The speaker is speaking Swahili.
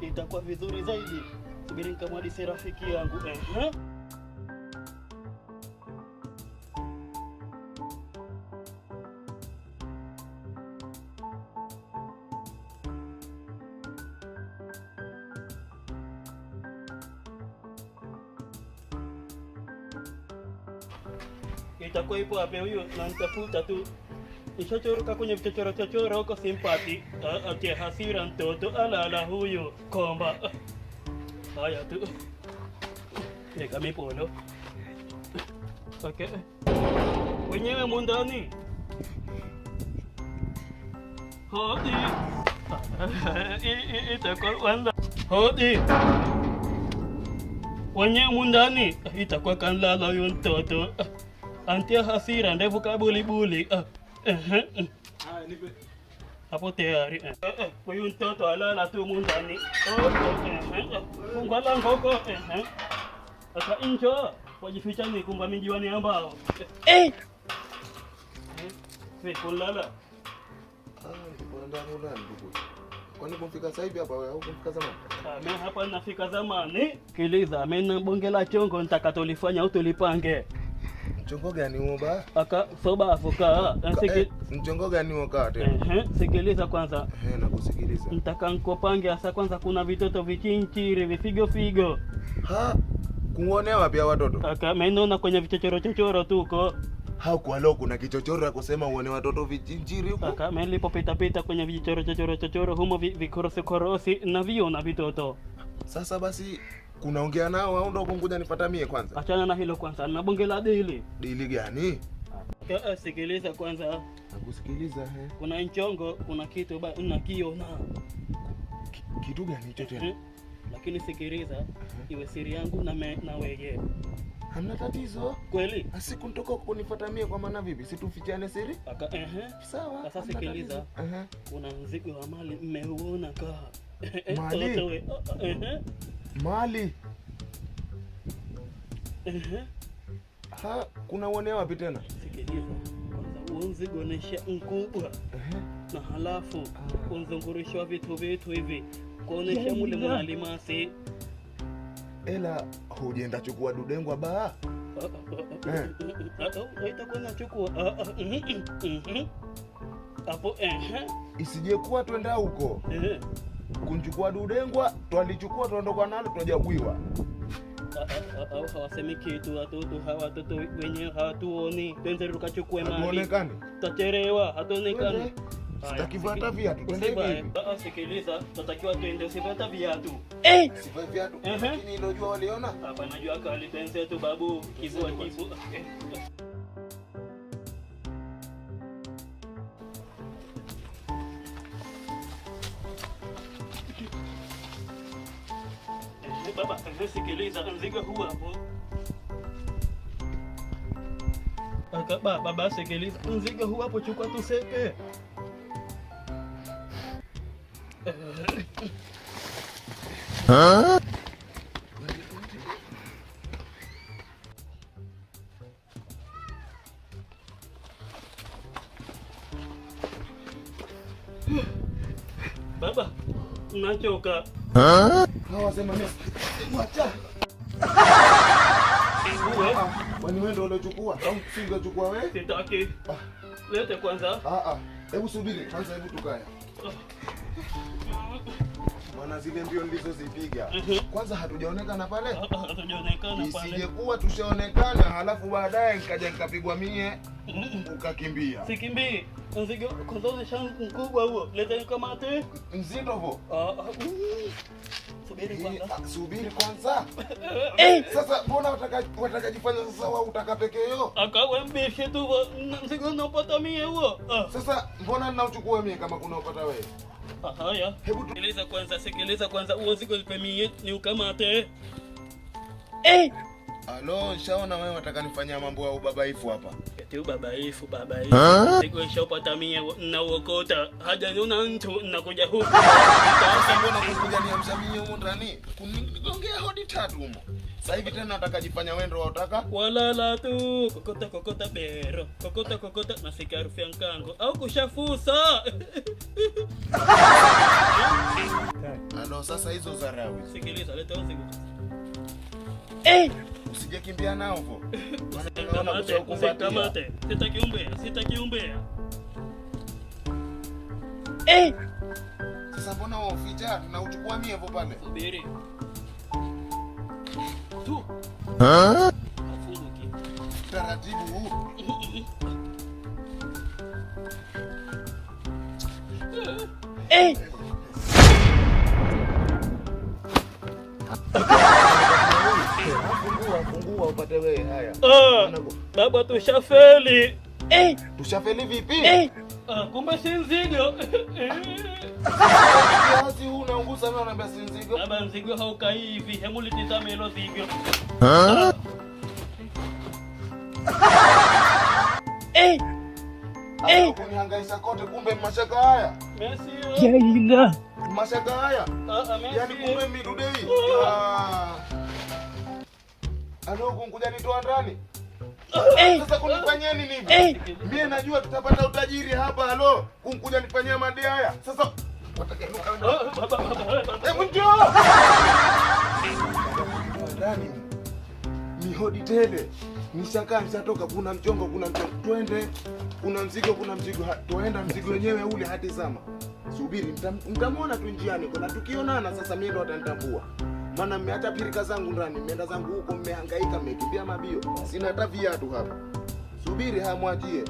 itakuwa vizuri zaidi. Subiri nikamwadise rafiki yangu eh. eh. Itakuwa ipo hapo, huyo? Na nitafuta tu Ichochoroka kwenye vichochoro chochoroko simpati atie eh, hasiran mtoto alala huyo komba. Haya eh, tu eka mipono okay. Wenyewe mundani hodi itakuwa kwanza hodi wenyewe mundani itakuwa kanlala huyo mtoto antia hasiran hasira ndevu buli. uh. Eh, Hapo tayari. Huyu mtoto alala tu Sasa wajificha ni kumba mijiwani ambao. Eh! kulala. Ah, Kwani kumfika sasa hivi hapa au kumfika zamani? Mimi hapa nafika zamani. Kiliza, mimi na bonge la chongo nitakatolifanya au tulipange. Mchongo gani huo ba? Aka soba afoka. Nasiki eh, eh, mchongo gani huo kate? Eh, sikiliza kwanza. Eh, nakusikiliza. Nitaka nkopange asa kwanza kuna vitoto vichinchiri, vifigo figo. Ha? Kuonea wapi hawa watoto? Aka maenona kwenye vichochoro chochoro tuko. Hakuwa leo kuna kichochoro kusema uone watoto vichinjiri huko. Kaka, mimi nilipopita pita kwenye vichochoro chochoro chochoro humo vikorosi korosi na viona vitoto. Sasa basi kunaongea nao au ndo kunguja nipata mie kwanza? Achana na hilo kwanza, na bonge la dili. Dili gani? Eh, eh, sikiliza kwanza. Nakusikiliza he. Eh. Kuna nchongo, kuna kitu ba nakiona. Kitu gani hicho tena? Lakini sikiliza, uh-huh. iwe siri yangu na na wewe. Hamna tatizo. Kweli? Asikuntoka kunifuata mie kwa maana vipi? Situfichane siri? Aka ehe. Sawa. Sasa sikiliza. Uh-huh. Kuna mzigo wa mali mmeuona kaa. Mali. Oh, oh, ehe mali ha, kuna uonea wapi tena? unzigonesha mkubwa na halafu ah. unzungurisha vitu vitu hivi kuonesha mule yaani mwanalimasi ela hujenda chukua dudengwa baa itakuwa nachukua ah, ah, mhm, mhm, mhm. isijekuwa twenda huko kunchukua dudengwa twalichukua tuondoka nalo twajakuiwa au hawasemi kitu watoto hawa watoto hawatuoni tukachukue takivata viatu sikiliza twende viatu eh! Eh! viatu waliona hapa najua kali babu baba, sikiliza mzigo huu hapo. Baba, baba, sikiliza mzigo huu hapo, chukua tusepe. Baba, nachoka. Huh? Hawa sema mimi Kwani wewe ndio ulochukua au singechukua wewe? Sitaki. Lete kwanza. Ah ah. Hebu subiri kwanza, hebu tukae. Maana zile mbio ndizo zipiga. Kwanza hatujaonekana pale. Hatujaonekana pale. Isingekuwa tushaonekana, halafu baadaye nikaja nikapigwa mie ukakimbia. Sikimbii. Mzigo kwanza, shanga mkubwa huo. Leta nikamate. Mzito huo. ah. Ah, subiri kwanza. Eh, sasa mbona watakajifanya sasa wao utakapekeyo? Akawembeshe tu mzigo unapata mie huo. Ah. Sasa mbona ninauchukua mie kama kuna upata wewe? Haya. Hebu tueleza kwanza, sekeleza kwanza huo mzigo nipe mie ni ukamate. Eh. Alo, shaona wewe wataka nifanyia mambo ya ubabaifu hapa. Tiu babaifu babaifu, siku nishapata mie na uokota haja niona mtu na huku sasa. Mbona kukujania mshamii humo ndani kuniongea hodi tatu humo sasa hivi tena nataka jifanya wendo wa utaka walala tu kokota kokota bero kokota kokota, nasikia harufu ya mkango au kushafusa alo. Sasa hizo zarau, sikiliza leta usiku eh sijakimbia nao hapo. Sitaki umbea, sitaki umbea. Eh! Sasa mbona waficha na uchukua mie hapo pale? Subiri. Tu. Ah? Taratibu. Eh! upate wewe. Haya baba, ah, tushafeli. Eh, tushafeli vipi? Eh, ah, kumbe si mzigo. Kazi huu unaunguza mimi, unaambia si mzigo. Baba, mzigo haukai hivi. Hebu litizame hilo zigo. Eh! Eh! kunihangaisha kote, kumbe mashaka haya. Oh. Mashaka haya. Ah, yaani kumbe midude anaokunguja nitoa ndani eh. sasa kunifanyia nini? Eh. Mie najua tutapata utajiri hapa. alo kunkuja nifanyia madi haya sasa. Hebu njoo ndani, eh, mihodi tele, nishakaa nishatoka. Kuna mchongo, kuna mchongo, twende. Kuna mzigo, kuna mzigo, twaenda mzigo wenyewe ule. Hati sama subiri, mtamwona tu njiani, kuna tukionana. Sasa mimi ndo atanitambua. Maana mmeacha pirika zangu ndani, mmeenda zangu huko, mmehangaika, mmekimbia mabio, sina hata viatu hapa. Subiri hamwajie.